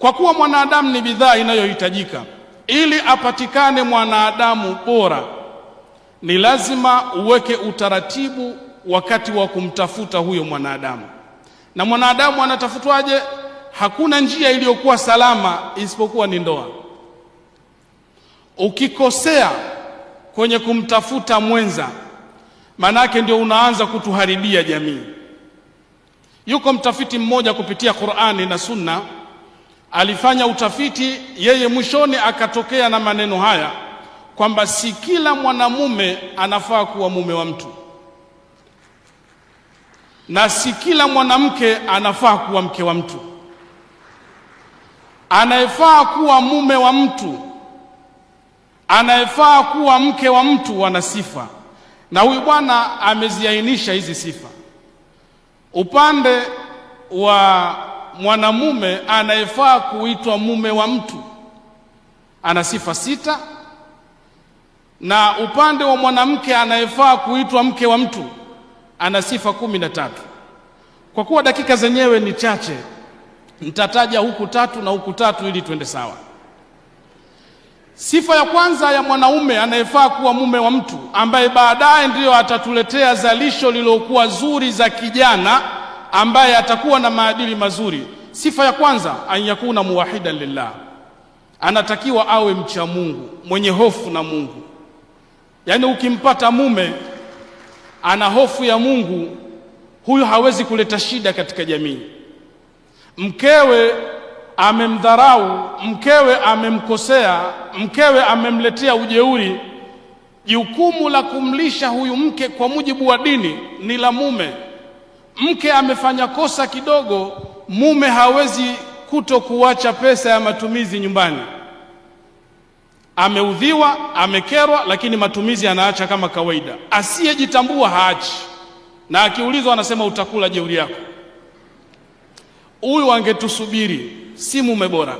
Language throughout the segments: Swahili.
Kwa kuwa mwanadamu ni bidhaa inayohitajika, ili apatikane mwanadamu bora, ni lazima uweke utaratibu wakati wa kumtafuta huyo mwanadamu. Na mwanadamu anatafutwaje? Hakuna njia iliyokuwa salama isipokuwa ni ndoa. Ukikosea kwenye kumtafuta mwenza, maana yake ndio unaanza kutuharibia jamii. Yuko mtafiti mmoja kupitia Qur'ani na Sunna alifanya utafiti yeye, mwishoni akatokea na maneno haya kwamba si kila mwanamume anafaa kuwa mume wa mtu na si kila mwanamke anafaa kuwa mke wa mtu. Anayefaa kuwa mume wa mtu, anayefaa kuwa mke wa mtu wana sifa, na huyu bwana ameziainisha hizi sifa upande wa mwanamume anayefaa kuitwa mume wa mtu ana sifa sita, na upande wa mwanamke anayefaa kuitwa mke wa mtu ana sifa kumi na tatu. Kwa kuwa dakika zenyewe ni chache, nitataja huku tatu na huku tatu ili tuende sawa. Sifa ya kwanza ya mwanaume anayefaa kuwa mume wa mtu ambaye baadaye ndiyo atatuletea zalisho lililokuwa zuri za kijana ambaye atakuwa na maadili mazuri. Sifa ya kwanza, anyakuna muwahidan lillah, anatakiwa awe mcha Mungu, mwenye hofu na Mungu. Yaani ukimpata mume ana hofu ya Mungu, huyu hawezi kuleta shida katika jamii. Mkewe amemdharau, mkewe amemkosea, mkewe amemletea ujeuri, jukumu la kumlisha huyu mke kwa mujibu wa dini ni la mume mke amefanya kosa kidogo, mume hawezi kuto kuacha pesa ya matumizi nyumbani. Ameudhiwa, amekerwa, lakini matumizi anaacha kama kawaida. Asiyejitambua haachi, na akiulizwa anasema utakula jeuri yako. Huyu angetusubiri, si mume bora.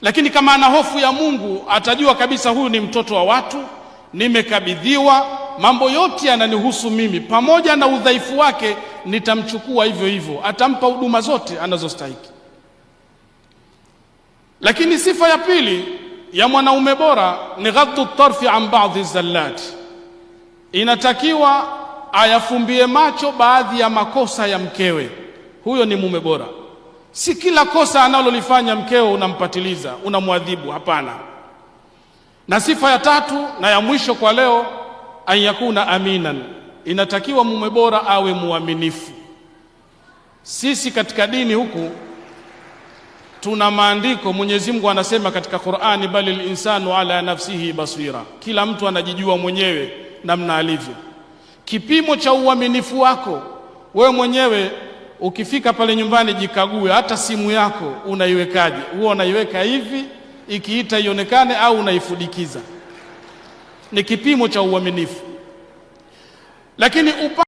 Lakini kama ana hofu ya Mungu, atajua kabisa huyu ni mtoto wa watu, nimekabidhiwa mambo yote yananihusu mimi, pamoja na udhaifu wake nitamchukua hivyo hivyo, atampa huduma zote anazostahiki. Lakini sifa ya pili ya mwanaume bora ni ghaddu tarfi an badhi zallat inatakiwa ayafumbie macho baadhi ya makosa ya mkewe. Huyo ni mume bora. Si kila kosa analolifanya mkewe unampatiliza, unamwadhibu. Hapana. Na sifa ya tatu na ya mwisho kwa leo an yakuna aminan, inatakiwa mume bora awe muaminifu. Sisi katika dini huku tuna maandiko. Mwenyezi Mungu anasema katika Qur'ani, bali linsanu ala nafsihi basira, kila mtu anajijua mwenyewe namna alivyo. Kipimo cha uaminifu wako wewe mwenyewe, ukifika pale nyumbani jikague, hata simu yako unaiwekaje? Huwa unaiweka hivi ikiita ionekane, au unaifudikiza? ni kipimo cha uaminifu, lakini upa